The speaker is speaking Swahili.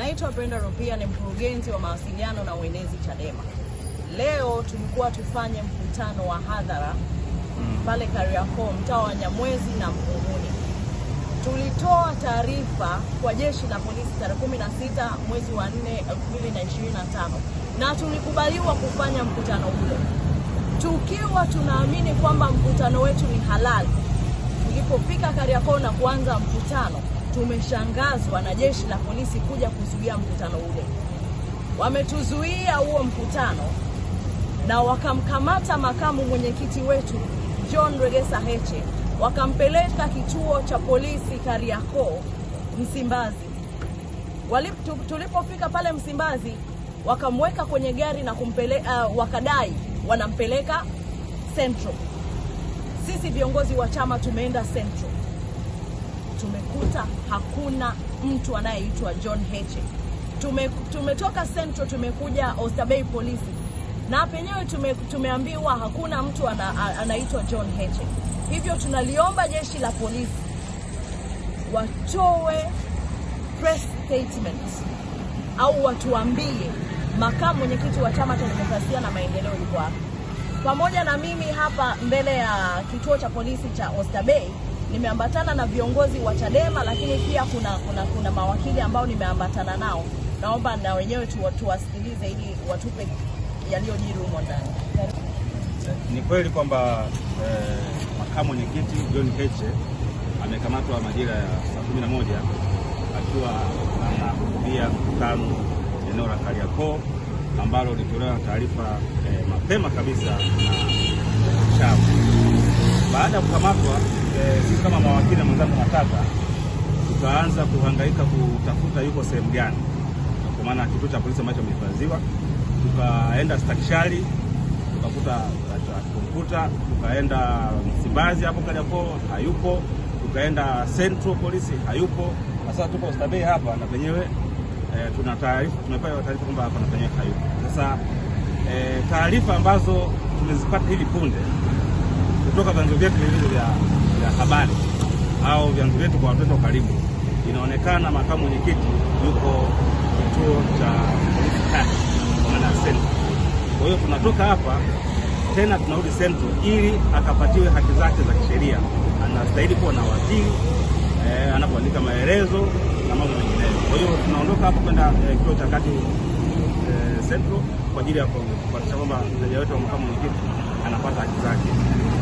Naitwa Brenda Rupia, ni mkurugenzi wa mawasiliano na uenezi Chadema. Leo tulikuwa tufanye mkutano wa hadhara mm. pale Kariakoo, mtaa wa Nyamwezi na Mkunguni. Tulitoa taarifa kwa jeshi la polisi tarehe 16 mwezi wa 4 2025, na tulikubaliwa kufanya mkutano ule tukiwa tunaamini kwamba mkutano wetu ni halali. Tulipofika Kariakoo na kuanza mkutano tumeshangazwa na jeshi la polisi kuja kuzuia mkutano ule. Wametuzuia huo mkutano na wakamkamata makamu mwenyekiti wetu John Regesa Heche, wakampeleka kituo cha polisi Kariakoo Msimbazi. Tulipofika pale Msimbazi, wakamweka kwenye gari na kumpeleka uh, wakadai wanampeleka Central. Sisi viongozi wa chama tumeenda Central tumekuta hakuna mtu anayeitwa John Heche. Tume, tumetoka Central tumekuja Bay polisi na penyewe tume, tumeambiwa hakuna mtu ana, anaitwa John Heche. Hivyo tunaliomba jeshi la polisi watoe press statement au watuambie makamu mwenyekiti wa Chama cha Demokrasia na Maendeleo yuko hapa pamoja na mimi hapa mbele ya kituo cha polisi cha Bay nimeambatana na viongozi wa Chadema, lakini pia kuna, kuna, kuna mawakili ambao nimeambatana nao. Naomba na wenyewe tuwasikilize ili watupe yaliyojiri humo ndani. Ni kweli kwamba eh, makamu mwenyekiti John Heche amekamatwa majira ya saa kumi na moja akiwa anahudhuria mkutano eneo la Kariakoo ambalo lilitolewa taarifa eh, mapema kabisa na chama. Baada ya kukamatwa Eh, sisi kama mawakili na mwenzangu Matata tukaanza kuhangaika kutafuta yuko sehemu gani, kwa maana kituo cha polisi ambacho amehifadhiwa. Tukaenda Stakishari tukakuta komputa, tukaenda Msimbazi hapo Kariakoo hayupo, tukaenda Central polisi hayupo. Sasa tuko Oysterbay hapa na penyewe e, tuna taarifa tumepewa taarifa kwamba hapa na penyewe hayupo. Sasa e, taarifa ambazo tumezipata hivi punde kutoka vyanzo vyetu vilivyo vya vya habari au vyanzo vyetu kwa watoto karibu. Inaonekana makamu mwenyekiti yuko kituo cha polisi Kwa hiyo tunatoka hapa tena tunarudi sentro ili akapatiwe haki zake za kisheria. Anastahili kuwa na wakili eh, anapoandika maelezo na mambo mengineyo. Kwa hiyo tunaondoka hapa kwenda eh, kituo cha kati eh, kwa ajili ya kuhakikisha kwamba mteja wetu wa makamu mwenyekiti anapata haki zake.